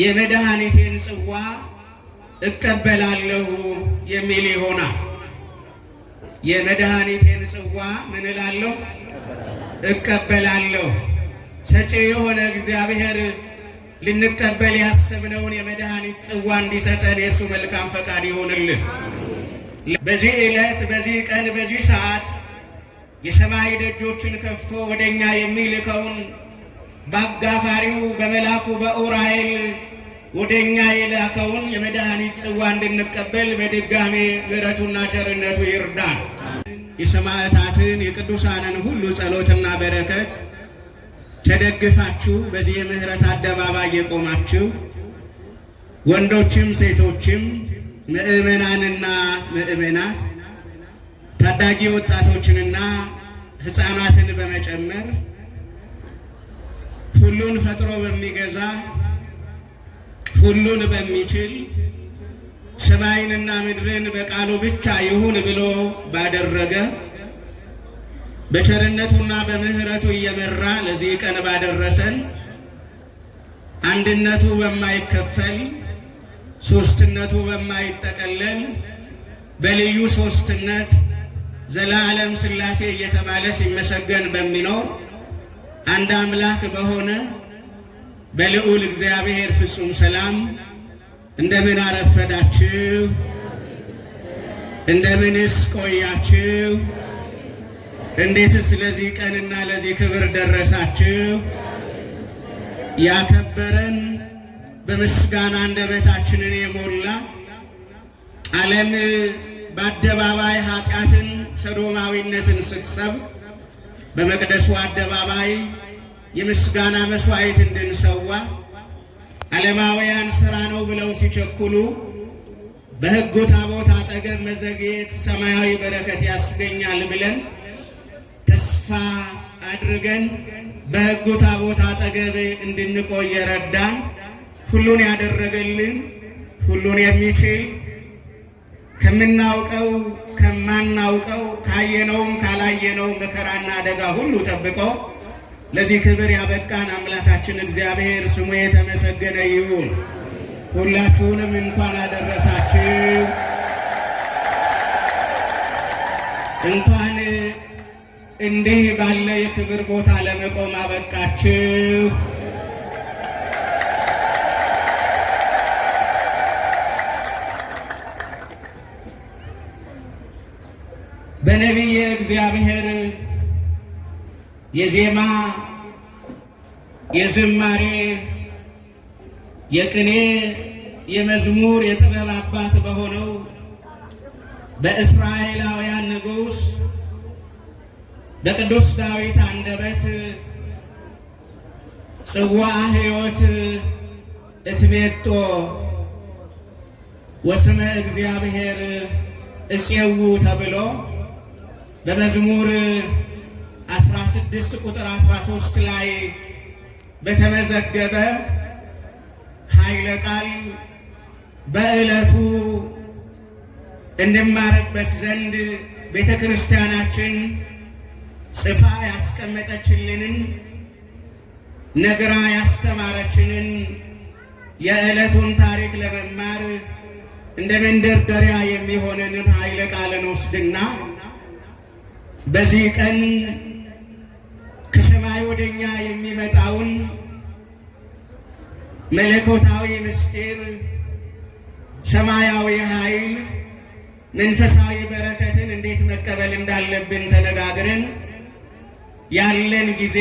የመድኃኒቴን ጽዋ እቀበላለሁ የሚል ይሆናል። የመድኃኒቴን ጽዋ ምን እላለሁ? እቀበላለሁ። ሰጪ የሆነ እግዚአብሔር ልንቀበል ያሰብነውን የመድኃኒት ጽዋ እንዲሰጠን የእሱ መልካም ፈቃድ ይሆንልን። በዚህ ዕለት፣ በዚህ ቀን፣ በዚህ ሰዓት የሰማይ ደጆችን ከፍቶ ወደ እኛ የሚልከውን በአጋፋሪው በመልአኩ በኡራኤል ወደ እኛ የላከውን የመድኃኒት ጽዋ እንድንቀበል በድጋሜ ምሕረቱና ቸርነቱ ይርዳል። የሰማዕታትን የቅዱሳንን ሁሉ ጸሎትና በረከት ተደግፋችሁ በዚህ የምህረት አደባባይ የቆማችሁ ወንዶችም ሴቶችም ምእመናንና ምእመናት ታዳጊ ወጣቶችንና ሕፃናትን በመጨመር ሁሉን ፈጥሮ በሚገዛ ሁሉን በሚችል ሰማይንና ምድርን በቃሉ ብቻ ይሁን ብሎ ባደረገ በቸርነቱና በምሕረቱ እየመራ ለዚህ ቀን ባደረሰን አንድነቱ በማይከፈል ሶስትነቱ በማይጠቀለል በልዩ ሶስትነት ዘላለም ሥላሴ እየተባለ ሲመሰገን በሚኖር አንድ አምላክ በሆነ በልዑል እግዚአብሔር ፍጹም ሰላም እንደምን አረፈዳችሁ? እንደምንስ ቆያችሁ? እንዴትስ ለዚህ ቀንና ለዚህ ክብር ደረሳችሁ? ያከበረን በምስጋና አንደበታችንን የሞላ ዓለም በአደባባይ ኃጢአትን፣ ሰዶማዊነትን ስትሰብክ በመቅደሱ አደባባይ የምስጋና መስዋዕት እንድንሰዋ ዓለማውያን ሥራ ነው ብለው ሲቸኩሉ በሕጉ ታቦት አጠገብ መዘግየት ሰማያዊ በረከት ያስገኛል ብለን ተስፋ አድርገን በሕጉ ታቦት አጠገብ እንድንቆየ ረዳን። ሁሉን ያደረገልን ሁሉን የሚችል ከምናውቀው ከማናውቀው ካየነውም ካላየነው መከራና አደጋ ሁሉ ጠብቆ ለዚህ ክብር ያበቃን አምላካችን እግዚአብሔር ስሙ የተመሰገነ ይሁን። ሁላችሁንም እንኳን አደረሳችሁ። እንኳን እንዲህ ባለ የክብር ቦታ ለመቆም አበቃችሁ። እግዚአብሔር የዜማ የዝማሬ የቅኔ የመዝሙር የጥበብ አባት በሆነው በእስራኤላውያን ንጉሥ በቅዱስ ዳዊት አንደበት ጽዋ ሕይወት እትቤጦ ወስመ እግዚአብሔር እፄው ተብሎ በመዝሙር 16 ቁጥር 13 ላይ በተመዘገበ ኃይለ ቃል በዕለቱ እንማርበት ዘንድ ቤተ ክርስቲያናችን ጽፋ ያስቀመጠችልንን ነግራ ያስተማረችንን የዕለቱን ታሪክ ለመማር እንደ መንደርደሪያ የሚሆነንን ኃይለ ቃልን ወስድና በዚህ ቀን ከሰማይ ወደኛ የሚመጣውን መለኮታዊ ምስጢር፣ ሰማያዊ ኃይል፣ መንፈሳዊ በረከትን እንዴት መቀበል እንዳለብን ተነጋግረን ያለን ጊዜ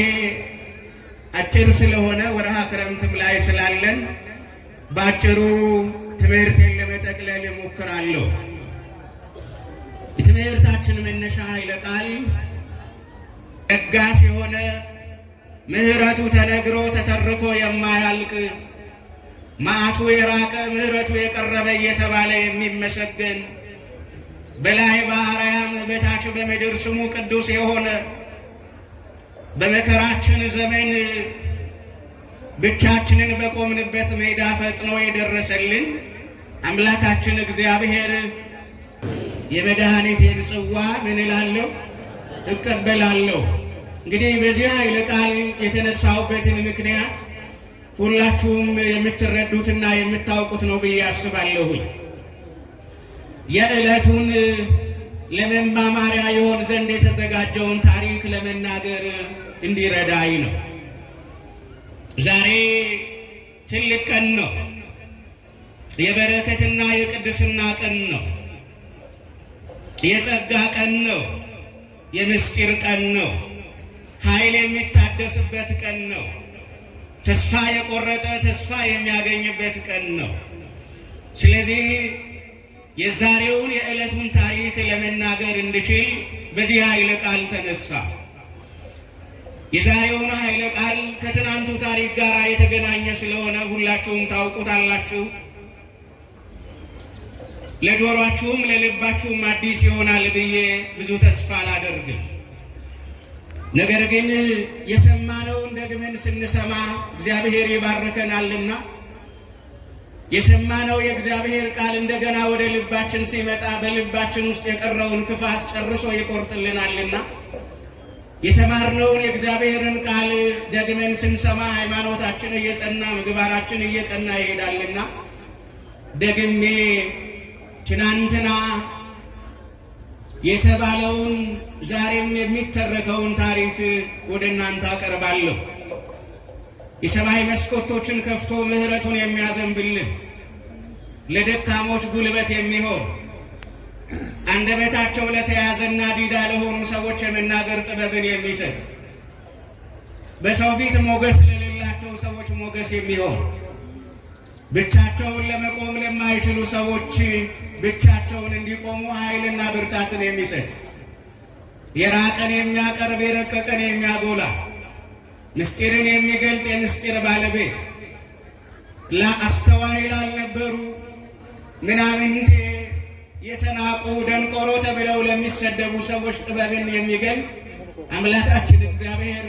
አጭር ስለሆነ ወርሃ ክረምትም ላይ ስላለን በአጭሩ ትምህርቴን ለመጠቅለል እሞክራለሁ። የትምህርታችን መነሻ ኃይለ ቃል ለጋስ የሆነ ምሕረቱ ተነግሮ ተተርኮ የማያልቅ መዓቱ የራቀ ምሕረቱ የቀረበ እየተባለ የሚመሰገን በላይ በአርያም በታች በምድር ስሙ ቅዱስ የሆነ በመከራችን ዘመን ብቻችንን በቆምንበት ሜዳ ፈጥኖ የደረሰልን አምላካችን እግዚአብሔር የመድኃኒቴን ጽዋ ምን እላለሁ? እቀበላለሁ። እንግዲህ በዚህ ኃይለ ቃል የተነሳሁበትን ምክንያት ሁላችሁም የምትረዱትና የምታውቁት ነው ብዬ አስባለሁኝ። የዕለቱን ለመማማሪያ የሆን ዘንድ የተዘጋጀውን ታሪክ ለመናገር እንዲረዳኝ ነው። ዛሬ ትልቅ ቀን ነው። የበረከትና የቅድስና ቀን ነው። የጸጋ ቀን ነው። የምስጢር ቀን ነው። ኃይል የሚታደስበት ቀን ነው። ተስፋ የቆረጠ ተስፋ የሚያገኝበት ቀን ነው። ስለዚህ የዛሬውን የዕለቱን ታሪክ ለመናገር እንድችል በዚህ ኃይለ ቃል ተነሳ። የዛሬውን ኃይለ ቃል ከትናንቱ ታሪክ ጋር የተገናኘ ስለሆነ ሁላችሁም ታውቁታላችሁ። ለጆሯችሁም ለልባችሁም አዲስ ይሆናል ብዬ ብዙ ተስፋ አላደርግም። ነገር ግን የሰማነውን ደግመን ስንሰማ እግዚአብሔር ይባርከናልና የሰማነው የእግዚአብሔር ቃል እንደገና ወደ ልባችን ሲመጣ በልባችን ውስጥ የቀረውን ክፋት ጨርሶ ይቆርጥልናልና የተማርነውን የእግዚአብሔርን ቃል ደግመን ስንሰማ ሃይማኖታችን እየጸና ምግባራችን እየቀና ይሄዳልና ደግሜ ትናንትና የተባለውን ዛሬም የሚተረከውን ታሪክ ወደ እናንተ አቀርባለሁ። የሰማይ መስኮቶችን ከፍቶ ምሕረቱን የሚያዘንብልን ለደካሞች ጉልበት የሚሆን አንደበታቸው ለተያዘና ዲዳ ለሆኑ ሰዎች የመናገር ጥበብን የሚሰጥ በሰው ፊት ሞገስ ለሌላቸው ሰዎች ሞገስ የሚሆን ብቻቸውን ለመቆም ለማይችሉ ሰዎች ብቻቸውን እንዲቆሙ ኃይልና ብርታትን የሚሰጥ የራቀን የሚያቀርብ የረቀቀን የሚያጎላ ምስጢርን የሚገልጥ የምስጢር ባለቤት ለአስተዋይ ላልነበሩ ምናምንቴ የተናቁ ደንቆሮ ተብለው ለሚሰደቡ ሰዎች ጥበብን የሚገልጥ አምላካችን እግዚአብሔር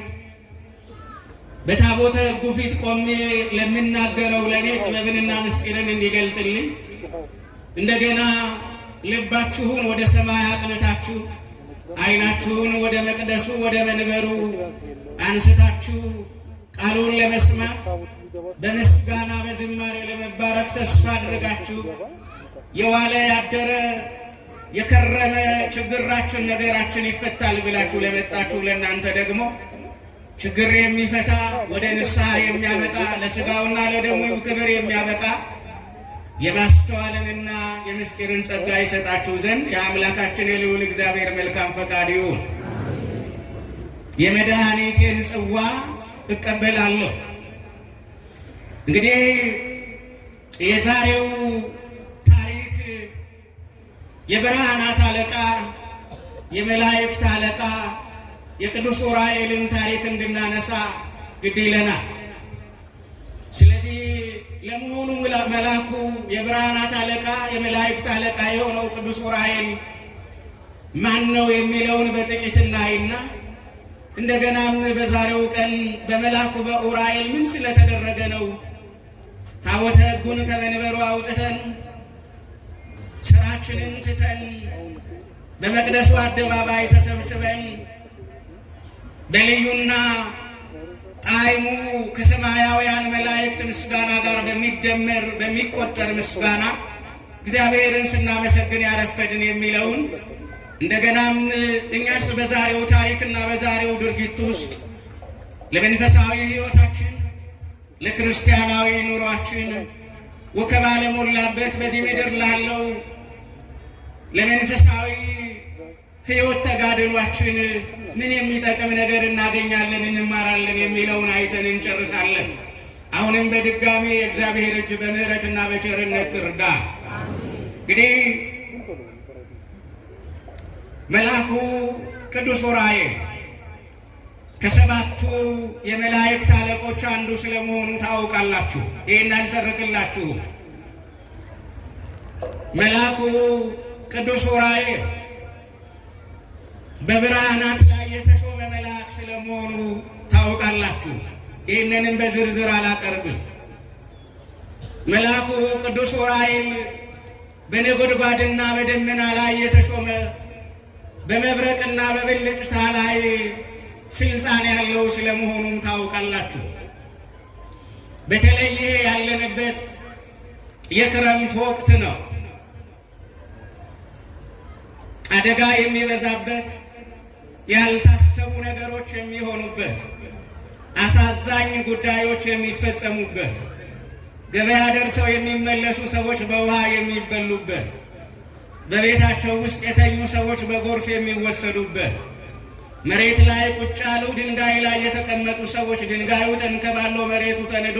በታቦተ ሕጉ ፊት ቆሜ ለምናገረው ለእኔ ጥበብንና ምስጢርን እንዲገልጥልኝ እንደገና ልባችሁን ወደ ሰማይ አቅንታችሁ ዓይናችሁን ወደ መቅደሱ ወደ መንበሩ አንስታችሁ ቃሉን ለመስማት በምስጋና በዝማሬ ለመባረክ ተስፋ አድርጋችሁ የዋለ ያደረ የከረመ ችግራችን ነገራችን ይፈታል ብላችሁ ለመጣችሁ ለእናንተ ደግሞ ችግር የሚፈታ ወደ ንስሐ የሚያመጣ ለስጋውና ለደሙ ክብር የሚያበቃ የማስተዋልንና የምስጢርን ጸጋ ይሰጣችሁ ዘንድ የአምላካችን የልዑል እግዚአብሔር መልካም ፈቃድ ይሁን። የመድኃኒቴን ጽዋ እቀበላለሁ። እንግዲህ የዛሬው ታሪክ የብርሃናት አለቃ የመላእክት አለቃ የቅዱስ ዑራኤልን ታሪክ እንድናነሳ ግድ ይለናል። ስለዚህ ለመሆኑ መልአኩ የብርሃናት አለቃ የመላእክት አለቃ የሆነው ቅዱስ ዑራኤል ማን ነው የሚለውን በጥቂት እናይና እንደገናም በዛሬው ቀን በመልአኩ በዑራኤል ምን ስለተደረገ ነው ታቦተ ሕጉን ከመንበሩ አውጥተን ስራችንን ትተን በመቅደሱ አደባባይ ተሰብስበን በልዩና ጣዕሙ ከሰማያውያን መላእክት ምስጋና ጋር በሚደመር በሚቆጠር ምስጋና እግዚአብሔርን ስናመሰግን ያረፈድን የሚለውን እንደገናም እኛስ በዛሬው ታሪክና በዛሬው ድርጊት ውስጥ ለመንፈሳዊ ሕይወታችን ለክርስቲያናዊ ኑሯችን ወከባ ለሞላበት በዚህ ምድር ላለው ለመንፈሳዊ ሕይወት ተጋድሏችን ምን የሚጠቅም ነገር እናገኛለን፣ እንማራለን የሚለውን አይተን እንጨርሳለን። አሁንም በድጋሚ የእግዚአብሔር እጅ በምሕረትና በቸርነት እርዳ። እንግዲህ መልአኩ ቅዱስ ዑራኤል ከሰባቱ የመላእክት አለቆች አንዱ ስለመሆኑ ታውቃላችሁ። ይህን አልተርክላችሁም። መልአኩ ቅዱስ ዑራኤል በብርሃናት ላይ የተሾመ መልአክ ስለመሆኑ ታውቃላችሁ። ይህንንም በዝርዝር አላቀርብም። መልአኩ ቅዱስ ዑራኤል በነጎድጓድና በደመና ላይ የተሾመ በመብረቅና በብልጭታ ላይ ስልጣን ያለው ስለመሆኑም ታውቃላችሁ። በተለይ ያለንበት የክረምት ወቅት ነው፣ አደጋ የሚበዛበት ያልታሰቡ ነገሮች የሚሆኑበት፣ አሳዛኝ ጉዳዮች የሚፈጸሙበት፣ ገበያ ደርሰው የሚመለሱ ሰዎች በውሃ የሚበሉበት፣ በቤታቸው ውስጥ የተኙ ሰዎች በጎርፍ የሚወሰዱበት፣ መሬት ላይ ቁጭ ያሉ ድንጋይ ላይ የተቀመጡ ሰዎች ድንጋዩ ተንከባሎ መሬቱ ተንዶ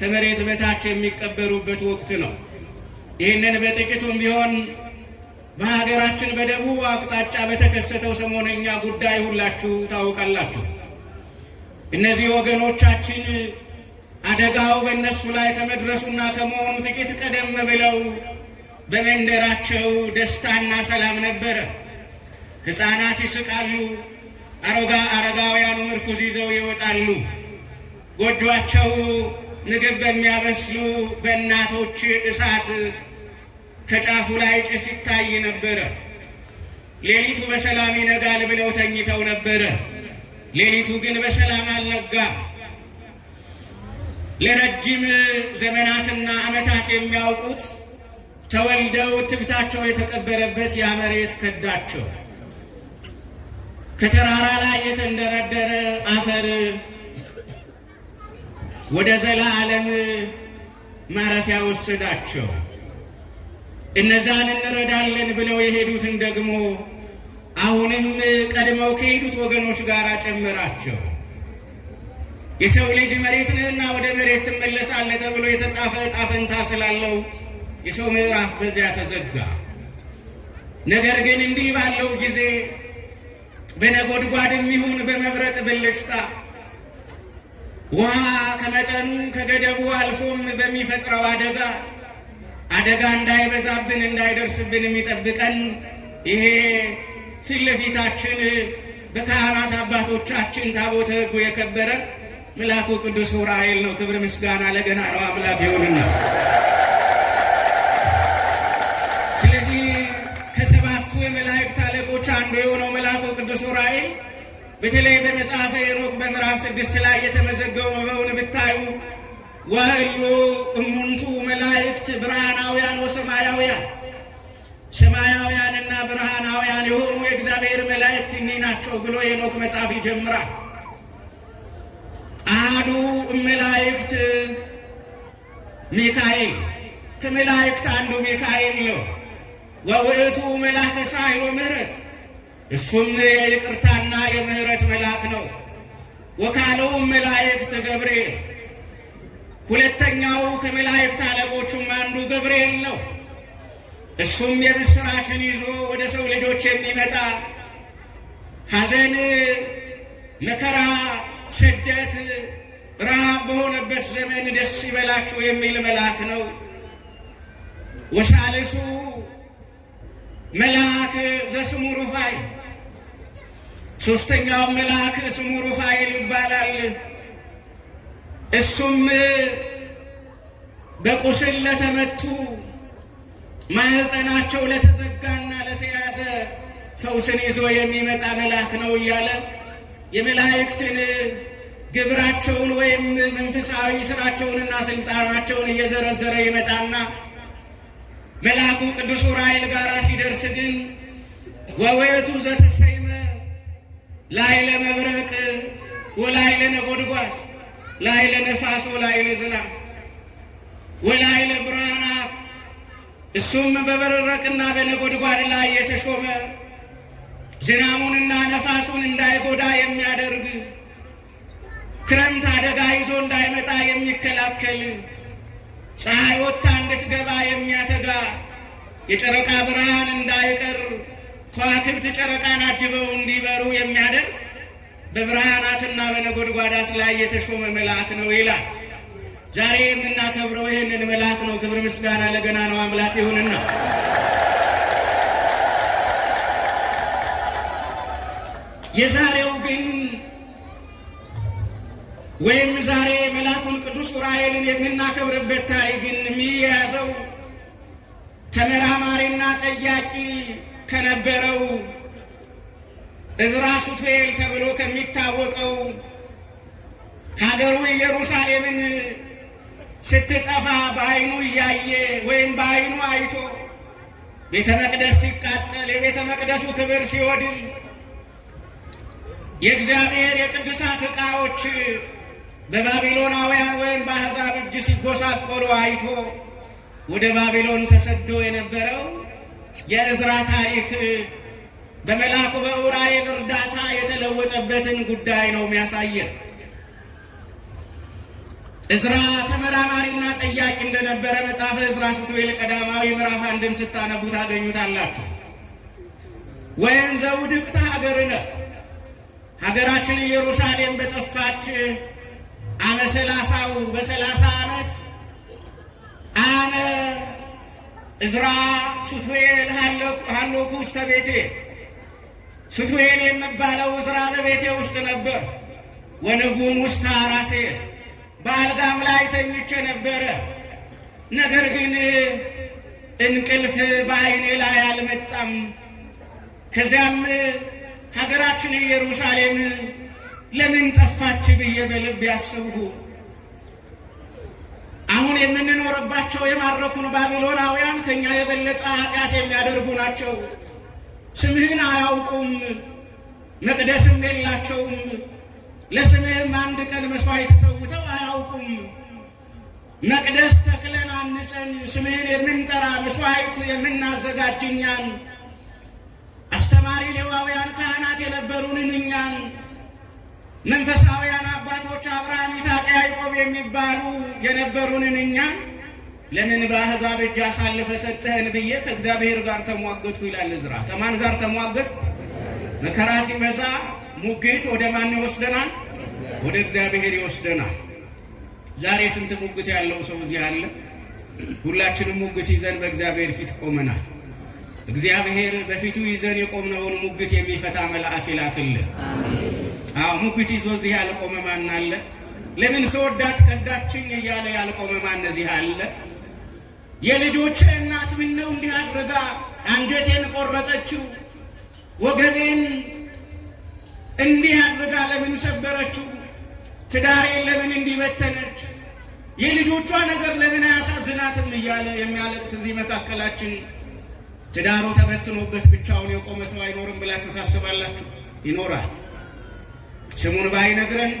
ከመሬት በታች የሚቀበሩበት ወቅት ነው። ይህንን በጥቂቱም ቢሆን በሀገራችን በደቡብ አቅጣጫ በተከሰተው ሰሞነኛ ጉዳይ ሁላችሁ ታውቃላችሁ። እነዚህ ወገኖቻችን አደጋው በእነሱ ላይ ከመድረሱና ከመሆኑ ጥቂት ቀደም ብለው በመንደራቸው ደስታና ሰላም ነበረ። ሕፃናት ይስቃሉ፣ አሮጋ አረጋውያኑ ምርኩዝ ይዘው ይወጣሉ። ጎጇቸው ምግብ በሚያበስሉ በእናቶች እሳት ከጫፉ ላይ ጭስ ይታይ ነበረ። ሌሊቱ በሰላም ይነጋል ብለው ተኝተው ነበረ። ሌሊቱ ግን በሰላም አልነጋም። ለረጅም ዘመናትና ዓመታት የሚያውቁት ተወልደው ትብታቸው የተቀበረበት ያ መሬት ከዳቸው። ከተራራ ላይ የተንደረደረ አፈር ወደ ዘላለም ማረፊያ ወሰዳቸው። እነዛን እንረዳለን ብለው የሄዱትን ደግሞ አሁንም ቀድመው ከሄዱት ወገኖች ጋር ጨመራቸው። የሰው ልጅ መሬት ነህና ወደ መሬት ትመለሳለህ ተብሎ የተጻፈ ዕጣ ፈንታ ስላለው የሰው ምዕራፍ በዚያ ተዘጋ። ነገር ግን እንዲህ ባለው ጊዜ በነጎድጓድም ይሁን በመብረቅ ብልጭታ ውሃ ከመጠኑ ከገደቡ አልፎም በሚፈጥረው አደጋ አደጋ እንዳይበዛብን እንዳይደርስብን የሚጠብቀን ይሄ ፊት ለፊታችን በካህናት አባቶቻችን ታቦተ ሕጉ የከበረ መልአኩ ቅዱስ ዑራኤል ነው። ክብር ምስጋና ለገና ነው አምላክ ይሁንና። ስለዚህ ከሰባቱ የመላእክት አለቆች አንዱ የሆነው መልአኩ ቅዱስ ዑራኤል በተለይ በመጽሐፈ ሄኖክ በምዕራፍ ስድስት ላይ የተመዘገበውን ብታዩ ወህሉ እሙንቱ መላእክት ብርሃናውያን ወሰማያውያን ሰማያውያንና ብርሃናውያን የሆኑ የእግዚአብሔር መላእክት እኒህ ናቸው ብሎ የኖክ መጽሐፍ ይጀምራል። አሃዱ መላእክት ሚካኤል ከመላእክት አንዱ ሚካኤል ነው። ወውእቱ መልአከ ሳይሎ ምህረት እሱም የይቅርታና የምህረት መልአክ ነው። ወካለው መላእክት ገብርኤል ሁለተኛው ከመላእክት አለቆቹም አንዱ ገብርኤል ነው። እሱም የምስራችን ይዞ ወደ ሰው ልጆች የሚመጣ ሐዘን፣ መከራ፣ ስደት፣ ረሃብ በሆነበት ዘመን ደስ ይበላችሁ የሚል መልአክ ነው። ወሳልሱ መልአክ ዘስሙ ሩፋኤል፣ ሶስተኛው መልአክ ስሙ ሩፋኤል ይባላል። እሱም በቁስል ለተመቱ ማህፀናቸው ለተዘጋና ለተያዘ ፈውስን ይዞ የሚመጣ መልአክ ነው እያለ የመላእክትን ግብራቸውን ወይም መንፈሳዊ ስራቸውንና ስልጣናቸውን እየዘረዘረ ይመጣና መልአኩ ቅዱስ ዑራኤል ጋር ሲደርስ ግን ወውእቱ ዘተሰይመ ላይ ለመብረቅ ወላይ ለነጎድጓድ ላይለ ነፋስ ወላይለ ዝናብ ወላይለ ብርሃናት እሱም በበረረቅና በነጎድጓድ ላይ የተሾመ ዝናሙንና ነፋሱን እንዳይጎዳ የሚያደርግ ክረምት አደጋ ይዞ እንዳይመጣ የሚከላከል ፀሐይ ወጥታ እንድትገባ የሚያተጋ የጨረቃ ብርሃን እንዳይቀር ከዋክብት ጨረቃን አጅበው እንዲበሩ የሚያደርግ በብርሃናትና በነጎድጓዳት ላይ የተሾመ መልአክ ነው ይላል። ዛሬ የምናከብረው ይህንን መልአክ ነው። ክብር ምስጋና ለገና ነው አምላክ ይሁንና የዛሬው ግን ወይም ዛሬ መልአኩን ቅዱስ ዑራኤልን የምናከብርበት ታሪክ ግን የሚያያዘው ተመራማሪና ጠያቂ ከነበረው እዝራ ሱቱኤል ተብሎ ከሚታወቀው ሀገሩ ኢየሩሳሌምን ስትጠፋ በአይኑ እያየ ወይም በአይኑ አይቶ ቤተ መቅደስ ሲቃጠል የቤተ መቅደሱ ክብር ሲወድም የእግዚአብሔር የቅዱሳት ዕቃዎች በባቢሎናውያን ወይም በአሕዛብ እጅ ሲጎሳቆሉ አይቶ ወደ ባቢሎን ተሰዶ የነበረው የእዝራ ታሪክ በመልአኩ በዑራኤል እርዳታ የተለወጠበትን ጉዳይ ነው የሚያሳየን። እዝራ ተመራማሪና ጠያቂ እንደነበረ መጽሐፈ እዝራ ሱቱኤል ቀዳማዊ ምዕራፍ አንድን ስታነቡ ታገኙታላችሁ። ወይም ዘውድቅት ሀገርነ ሀገራችን ኢየሩሳሌም በጠፋች ሰላሳው በሰላሳ ዓመት አነ እዝራ ሱቱኤል ሃሎኩ ውስተ ቤቴ ስትዌን የምባለው ስራ በቤቴ ውስጥ ነበር። ወንጉም ውስጥ አራቴ በአልጋም ላይ ተኝቼ ነበረ። ነገር ግን እንቅልፍ በዓይኔ ላይ አልመጣም። ከዚያም ሀገራችን ኢየሩሳሌም ለምን ጠፋች ብዬ በልብ ያሰብኩ። አሁን የምንኖርባቸው የማረኩን ባቢሎናውያን ከእኛ የበለጠ ኃጢአት የሚያደርጉ ናቸው። ስምህን አያውቁም፣ መቅደስም የላቸውም፣ ለስምህም አንድ ቀን መስዋዕት ሰውተው አያውቁም። መቅደስ ተክለን አንጸን ስምህን የምንጠራ መስዋዕት የምናዘጋጅ እኛን አስተማሪ ሌዋውያን ካህናት የነበሩንን እኛን መንፈሳውያን አባቶች አብርሃም፣ ይስሐቅ፣ ያዕቆብ የሚባሉ የነበሩንን እኛን ለምን በአሕዛብ እጅ አሳልፈ ሰጠህን ብዬ ከእግዚአብሔር ጋር ተሟገጥኩ ይላል ዝራ ከማን ጋር ተሟገጥ? መከራ ሲበዛ ሙግት ወደ ማን ይወስደናል? ወደ እግዚአብሔር ይወስደናል። ዛሬ ስንት ሙግት ያለው ሰው እዚህ አለ? ሁላችንም ሙግት ይዘን በእግዚአብሔር ፊት ቆመናል። እግዚአብሔር በፊቱ ይዘን የቆምነውን ሙግት የሚፈታ መልአክ ይላክልን። አዎ ሙግት ይዞ እዚህ ያልቆመ ማን አለ? ለምን ሰወዳት ከዳችኝ እያለ ያልቆመ ማን እዚህ አለ? የልጆቼ እናት ምን ነው እንዲህ አድርጋ አንጀቴን ቆረጠችው? ወገቤን እንዲህ አድርጋ ለምን ሰበረችው? ትዳሬን ለምን እንዲበተነች? የልጆቿ ነገር ለምን አያሳዝናትም? እያለ የሚያለቅስ እዚህ መካከላችን ትዳሩ ተበትኖበት ብቻውን የቆመ ሰው አይኖርም ብላችሁ ታስባላችሁ? ይኖራል። ስሙን ባይነግረን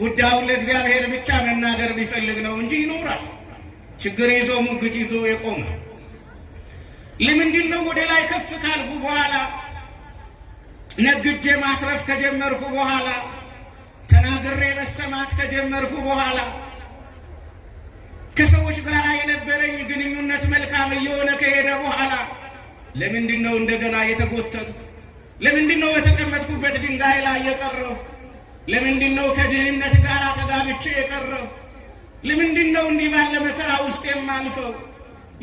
ጉዳዩን ለእግዚአብሔር ብቻ መናገር ቢፈልግ ነው እንጂ ይኖራል። ችግር ይዞ ሙግት ይዞ የቆመ ለምንድን ነው? ወደ ላይ ከፍ ካልሁ በኋላ ነግጄ ማትረፍ ከጀመርኩ በኋላ ተናግሬ መሰማት ከጀመርኩ በኋላ ከሰዎች ጋር የነበረኝ ግንኙነት መልካም እየሆነ ከሄደ በኋላ ለምንድን ነው እንደገና የተጎተትኩ? ለምንድን ነው በተቀመጥኩበት ድንጋይ ላይ የቀረሁ? ለምንድን ነው ከድህነት ጋር ተጋብቼ የቀረሁ? ለምንድን ነው እንዲህ ባለ መከራ ውስጥ የማልፈው?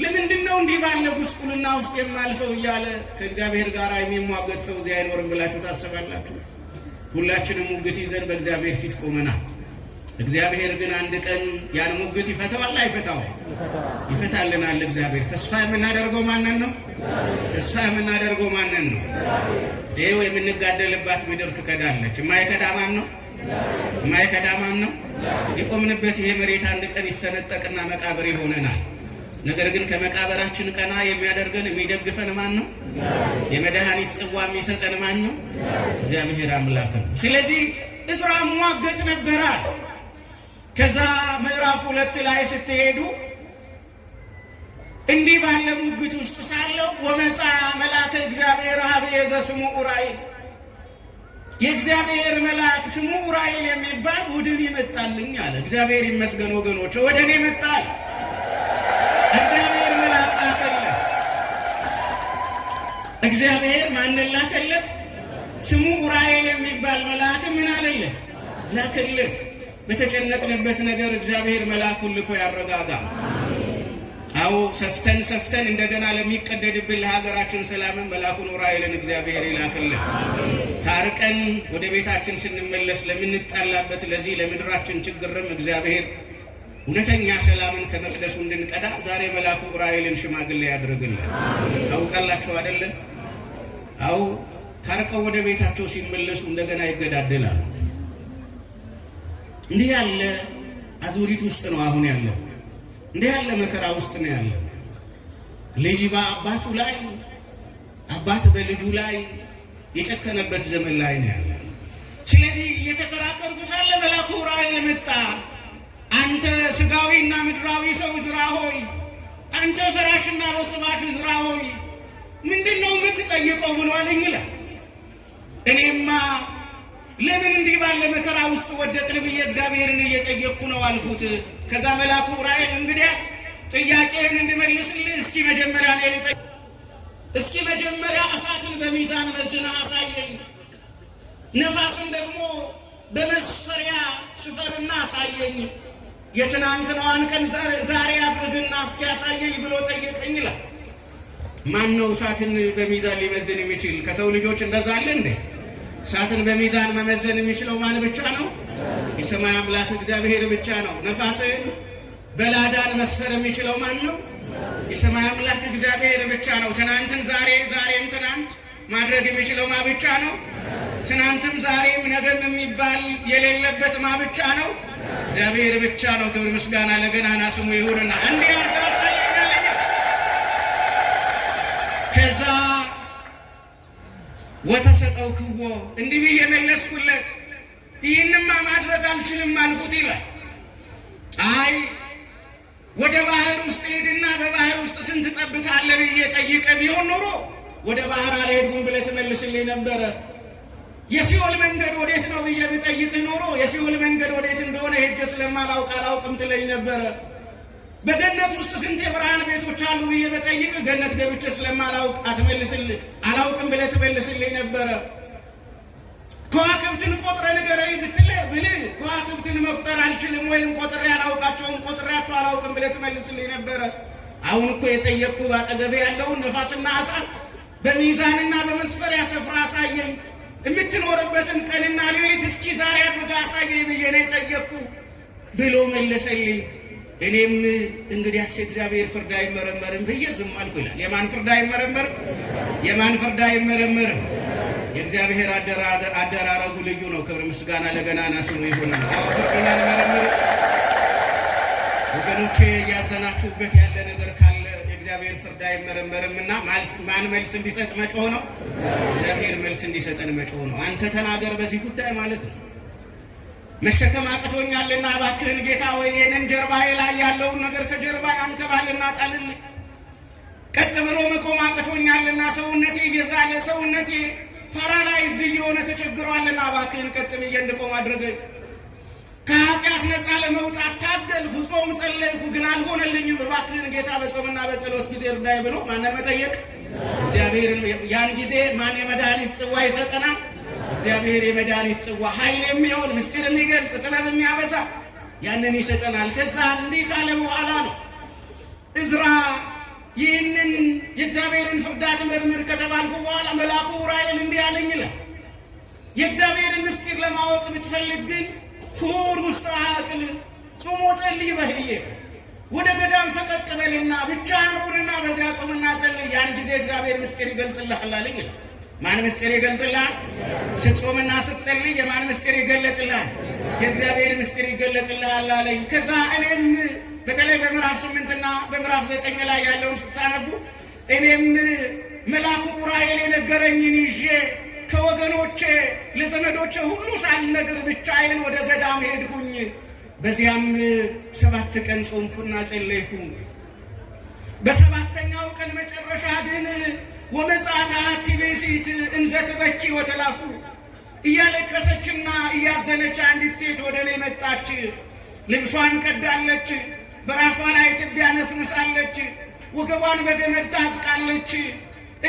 ለምንድን ነው እንዲህ ባለ ጉስቁልና ውስጥ የማልፈው? እያለ ከእግዚአብሔር ጋር የሚሟገድ ሰው እዚህ አይኖርም ብላችሁ ታስባላችሁ? ሁላችንም ሙግት ይዘን በእግዚአብሔር ፊት ቆመናል። እግዚአብሔር ግን አንድ ቀን ያን ሙግት ይፈታዋል? አይፈታው? ይፈታልናል። እግዚአብሔር ተስፋ የምናደርገው ማንን ነው? ተስፋ የምናደርገው ማንን ነው? ይኸው የምንጋደልባት ምድር ትከዳለች። የማይከዳ ማን ነው? የማይከዳ ማን ነው? የቆምንበት ይሄ መሬት አንድ ቀን ይሰነጠቅና መቃብር ይሆነናል። ነገር ግን ከመቃብራችን ቀና የሚያደርገን የሚደግፈን ማን ነው? የመድኃኒት ጽዋ የሚሰጠን ማን ነው? እግዚአብሔር አምላክ ነው። ስለዚህ እዝራ ሟገት ነበራል። ከዛ ምዕራፍ ሁለት ላይ ስትሄዱ እንዲህ ባለ ሙግት ውስጥ ሳለው ወመፃ መልአከ እግዚአብሔር ሀብየ ዘስሙ ኡራኤል የእግዚአብሔር መልአክ ስሙ ኡራኤል የሚባል ውድን ይመጣልኝ አለ። እግዚአብሔር ይመስገን ወገኖች፣ ወደ እኔ መጣል እግዚአብሔር መልአክ ላከለት። እግዚአብሔር ማንን ላከለት? ስሙ ኡራኤል የሚባል መልአክ ምን አለለት? ላከለት። በተጨነቅንበት ነገር እግዚአብሔር መልአኩን ልኮ ያረጋጋ። አዎ ሰፍተን ሰፍተን እንደገና ለሚቀደድብን ለሀገራችን ሰላምን መልአኩን ኡራኤልን እግዚአብሔር ይላክልን። ታርቀን ወደ ቤታችን ስንመለስ ለምንጣላበት ለዚህ ለምድራችን ችግርም እግዚአብሔር እውነተኛ ሰላምን ከመቅደሱ እንድንቀዳ ዛሬ መልአኩ ዑራኤልን ሽማግሌ ያድርግልን። ታውቃላችሁ አይደለም? አዎ ታርቀው ወደ ቤታቸው ሲመለሱ እንደገና ይገዳደላሉ። እንዲህ ያለ አዙሪት ውስጥ ነው አሁን ያለው። እንዲህ ያለ መከራ ውስጥ ነው ያለው። ልጅ በአባቱ ላይ፣ አባት በልጁ ላይ የጨከነበት ዘመን ላይ ነው ያለ። ስለዚህ እየተከራከርኩ ሳለ መልአኩ ዑራኤል መጣ። አንተ ስጋዊና ምድራዊ ሰው ዕዝራ ሆይ፣ አንተ ፈራሽና በስባሽ ዕዝራ ሆይ ምንድን ነው የምትጠይቀው ብሏልኝ ይላል። እኔማ ለምን እንዲህ ባለ መከራ ውስጥ ወደቅን ብዬ እግዚአብሔርን እየጠየቅኩ ነው አልኩት። ከዛ መልአኩ ዑራኤል እንግዲያስ ጥያቄህን እንድመልስልህ እስኪ መጀመሪያ እኔ ልጠይቅ እስኪ መጀመሪያ እሳትን በሚዛን መዝና አሳየኝ፣ ነፋስን ደግሞ በመስፈሪያ ስፈርና አሳየኝ፣ የትናንትናዋን ቀን ዛሬ አድርግና እስኪ አሳየኝ ብሎ ጠየቀኝ ይላል። ማን ነው እሳትን በሚዛን ሊመዝን የሚችል? ከሰው ልጆች እንደዛ አለ እንዴ? እሳትን በሚዛን መመዘን የሚችለው ማን ብቻ ነው? የሰማይ አምላክ እግዚአብሔር ብቻ ነው። ነፋስን በላዳን መስፈር የሚችለው ማን ነው? የሰማይ አምላክ እግዚአብሔር ብቻ ነው። ትናንትም ዛሬ፣ ዛሬም ትናንት ማድረግ የሚችለው ማ ብቻ ነው። ትናንትም ዛሬም ነገም የሚባል የሌለበት ማ ብቻ ነው። እግዚአብሔር ብቻ ነው። ክብር ምስጋና ለገናና ስሙ ይሁንና እንዲህ ያልተሳለኛለኝ ከዛ ወተሰጠው ክዎ እንዲህ ብዬ የመለስኩለት ይህንማ ማድረግ አልችልም አልኩት ይላል አይ ወደ ባህር ውስጥ ሄድና በባህር ውስጥ ስንት ጠብታ አለ ብዬ ጠይቀ ቢሆን ኖሮ ወደ ባህር አልሄድኩም ብለህ ትመልስልኝ ነበረ። የሲኦል መንገድ ወዴት ነው ብዬ ብጠይቅ ኖሮ የሲኦል መንገድ ወዴት እንደሆነ ሄጄ ስለማላውቅ አላውቅም ትለኝ ነበረ። በገነት ውስጥ ስንት የብርሃን ቤቶች አሉ ብዬ በጠይቅ ገነት ገብቼ ስለማላውቅ አትመልስል አላውቅም ብለህ ትመልስልኝ ነበረ። ከዋክብትን ቆጥረ ንገረኝ ብትልህ ብልህ ከዋክብትን መቁጠር አልችልም ወይም ቆጥሬ አላውቃቸውም ቆጥሬያቸው አላውቅም ብለህ ትመልስልኝ ነበረ። አሁን እኮ የጠየቅኩ ባጠገቤ ያለውን ነፋስና እሳት በሚዛንና በመስፈሪያ ስፍራ አሳየኝ፣ የምትኖርበትን ቀንና ሌሊት እስኪ ዛሬ አድርጋ አሳየኝ ብዬ ነው የጠየቅኩ ብሎ መለሰልኝ። እኔም እንግዲያስ እግዚአብሔር ፍርድ አይመረመርም ብዬ ዝም አልኩ ይላል። የማን ፍርድ አይመረመርም? የማን ፍርድ አይመረመርም? የእግዚአብሔር አደራረጉ ልዩ ነው። ክብር ምስጋና ለገናና ስሙ ይሁን። ፍቅርና መረምር ወገኖቼ፣ እያዘናችሁበት ያለ ነገር ካለ የእግዚአብሔር ፍርድ አይመረመርም አይመረመርምና ማን መልስ እንዲሰጥ መጮህ ነው? እግዚአብሔር መልስ እንዲሰጠን መጮህ ነው። አንተ ተናገር በዚህ ጉዳይ ማለት ነው። መሸከም አቅቶኛልና እባክህን ጌታ ወይ ይህንን ጀርባዬ ላይ ያለውን ነገር ከጀርባ አንከባልና ጣልልኝ። ቀጥ ብሎ መቆም አቅቶኛልና ሰውነቴ እየዛለ ሰውነቴ ፓራላይዝድ እየሆነ ተቸግሯልና እባክህን ቀጥ ብዬ እንድቆም አድርገኝ። ከኃጢአት ነፃ ለመውጣት ታገልኩ፣ ጾም ጸለይኩ፣ ግን አልሆነልኝም። እባክህን ጌታ በጾምና በጸሎት ጊዜ እርዳይ ብሎ ማንን መጠየቅ? እግዚአብሔርን። ያን ጊዜ ማን የመድኃኒት ጽዋ ይሰጠናል? እግዚአብሔር የመድኃኒት ጽዋ፣ ኃይል የሚሆን ምስጢር የሚገልጥ ጥበብ የሚያበዛ ያንን ይሰጠናል። ከዛ እንዲህ ካለ በኋላ ነው እዝራ ይህንን የእግዚአብሔርን ፍርዳት መርምር ከተባልኩ በኋላ መልአኩ ዑራኤል እንዲህ አለኝ ይላል። የእግዚአብሔርን ምስጢር ለማወቅ ብትፈልግ ግን ኩር ውስጥ አቅል ጾሞ ጸልይ በህየ ወደ ገዳም ፈቀቅ በልና ብቻ ኑርና በዚያ ጾምና ጸልይ። ያን ጊዜ እግዚአብሔር ምስጢር ይገልጥልሃል አለኝ ይላል። ማን ምስጢር ይገልጥልሃል? ስትጾምና ስትጸልይ የማን ምስጢር ይገለጥልሃል? የእግዚአብሔር ምስጢር ይገለጥልሃል አለኝ። ከዛ እኔም በተለይ በምዕራፍ ስምንት እና በምዕራፍ ዘጠኝ ላይ ያለውን ስታነቡ እኔም መልአኩ ዑራኤል የነገረኝን ይዤ ከወገኖቼ ለዘመዶቼ ሁሉ ሳልነግር ብቻዬን ወደ ገዳም ሄድሁኝ በዚያም ሰባት ቀን ጾምኩና ጸለይሁ። በሰባተኛው ቀን መጨረሻ ግን ወመጽአት አሐቲ ብእሲት እንዘ ወተላኩ እያለቀሰችና እያዘነች አንዲት ሴት ወደ እኔ መጣች። ልብሷን ቀዳለች። በራሷ ላይ ትቢያ ነስንሳለች፣ ወገቧን በገመድ ታጥቃለች።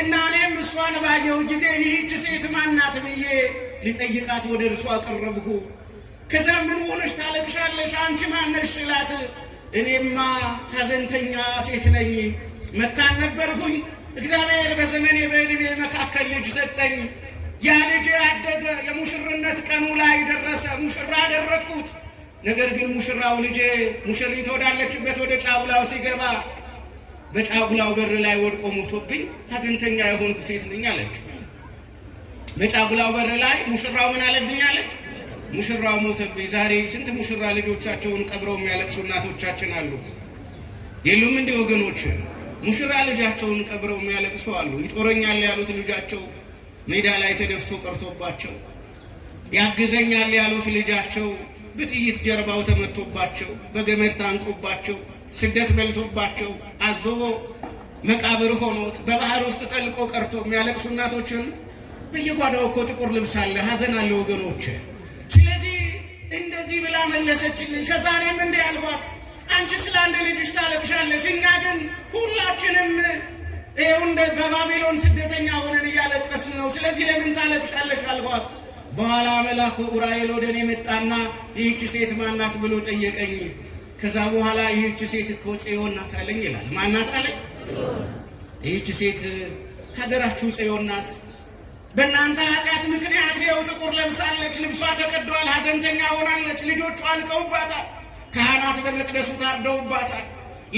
እና እኔም እሷን ባየው ጊዜ ይህች ሴት ማናት ብዬ ሊጠይቃት ወደ እርሷ አቀረብኩ። ከዛ ምን ሆነሽ ታለቅሻለሽ? አንቺ ማነሽ ስላት እኔማ ሐዘንተኛ ሴት ነኝ፣ መካን ነበርሁኝ። እግዚአብሔር በዘመኔ በእድሜ መካከል ልጅ ሰጠኝ። ያ ልጅ ያደገ የሙሽርነት ቀኑ ላይ ደረሰ። ሙሽራ አደረግኩት። ነገር ግን ሙሽራው ልጄ ሙሽሪት ወዳለችበት ወደ ጫጉላው ሲገባ በጫጉላው በር ላይ ወድቆ ሞቶብኝ ሐዘንተኛ የሆንኩ ሴት ነኝ አለች። በጫጉላው በር ላይ ሙሽራው ምን አለብኝ አለች። ሙሽራው ሞተብኝ። ዛሬ ስንት ሙሽራ ልጆቻቸውን ቀብረው የሚያለቅሱ እናቶቻችን አሉ፣ የሉም? እንዲህ ወገኖች፣ ሙሽራ ልጃቸውን ቀብረው የሚያለቅሱ አሉ። ይጦረኛል ያሉት ልጃቸው ሜዳ ላይ ተደፍቶ ቀርቶባቸው፣ ያግዘኛል ያሉት ልጃቸው በጥይት ጀርባው ተመቶባቸው በገመድ ታንቆባቸው ስደት በልቶባቸው አዞ መቃብር ሆኖት በባህር ውስጥ ጠልቆ ቀርቶ የሚያለቅሱ እናቶችን በየጓዳው እኮ ጥቁር ልብስ አለ፣ ሀዘን አለ ወገኖች። ስለዚህ እንደዚህ ብላ መለሰችልኝ። ከዛ እኔም እንዲህ አልኳት፣ አንቺ ስለ አንድ ልጅሽ ታለቅሻለች፣ እኛ ግን ሁላችንም ይኸው በባቢሎን ስደተኛ ሆነን እያለቀስን ነው። ስለዚህ ለምን ታለቅሻለሽ አልኳት። በኋላ መልአኩ ዑራኤል ወደ እኔ መጣና ይህች ሴት ማናት ብሎ ጠየቀኝ። ከዛ በኋላ ይህች ሴት እኮ ጽዮን ናት አለኝ ይላል። ማናት አለኝ? ይህች ሴት ሀገራችሁ ጽዮን ናት። በእናንተ ኃጢአት ምክንያት ይኸው ጥቁር ለብሳለች፣ ልብሷ ተቀዷል፣ ሀዘንተኛ ሆናለች፣ ልጆቿ አልቀውባታል፣ ካህናት በመቅደሱ ታርደውባታል፣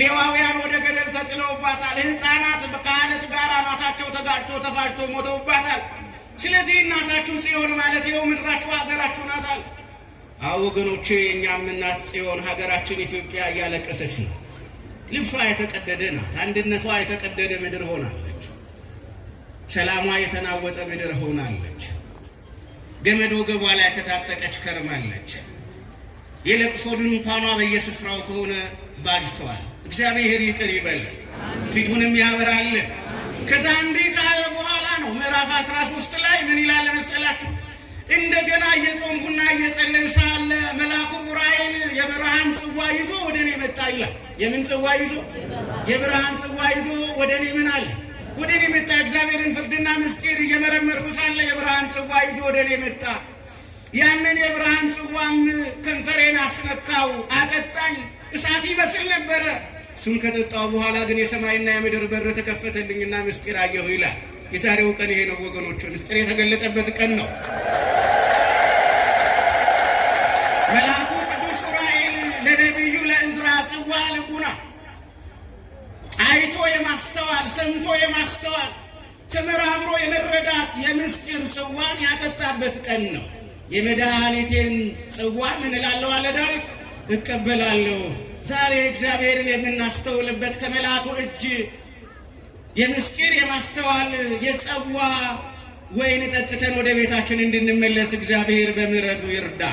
ሌዋውያን ወደ ገደል ተጥለውባታል፣ ሕፃናት ከአለት ጋር አናታቸው ተጋጭቶ ተፋጭቶ ሞተውባታል። ስለዚህ እናታችሁ ጽዮን ማለት ይኸው ምድራችሁ ሀገራችሁ ናት አለ። አዎ ወገኖቼ፣ የእኛም እናት ጽዮን ሀገራችን ኢትዮጵያ እያለቀሰች ነው። ልብሷ የተቀደደ ናት። አንድነቷ የተቀደደ ምድር ሆናለች። ሰላሟ የተናወጠ ምድር ሆናለች። ገመድ ወገቧ ላይ ከታጠቀች ከርማለች። የለቅሶ ድንኳኗ በየስፍራው ከሆነ ባጅተዋል። እግዚአብሔር ይቅር ይበል፣ ፊቱንም ያበራልን ከዛ እንዴት አለ በኋላ ነው። ምዕራፍ 13 ላይ ምን ይላል መሰላችሁ? እንደገና እየጾምኩና እየጸለዩ ሳለ መልአኩ ዑራኤል የብርሃን ጽዋ ይዞ ወደ እኔ መጣ ይላል። የምን ጽዋ ይዞ? የብርሃን ጽዋ ይዞ ወደ እኔ ምን አለ? ወደ እኔ መጣ። እግዚአብሔርን ፍርድና ምስጢር እየመረመርኩ ሳለ የብርሃን ጽዋ ይዞ ወደ እኔ መጣ። ያንን የብርሃን ጽዋም ከንፈሬን አስነካው፣ አጠጣኝ። እሳት ይመስል ነበረ። እሱን ከጠጣው በኋላ ግን የሰማይና የምድር በር ተከፈተልኝና ምስጢር አየሁ ይላል። የዛሬው ቀን ይሄ ነው ወገኖች፣ ምስጢር የተገለጠበት ቀን ነው። መልአኩ ቅዱስ ዑራኤል ለነቢዩ ለእዝራ ጽዋ ልቡና አይቶ የማስተዋል ሰምቶ የማስተዋል ተመራምሮ የመረዳት የምስጢር ጽዋን ያጠጣበት ቀን ነው። የመድኃኒቴን ጽዋ ምን እላለሁ አለ ዳዊት፣ እቀበላለሁ። ዛሬ እግዚአብሔርን የምናስተውልበት ከመልአኩ እጅ የምስጢር የማስተዋል የጸዋ ወይን ጠጥተን ወደ ቤታችን እንድንመለስ እግዚአብሔር በምሕረቱ ይርዳ።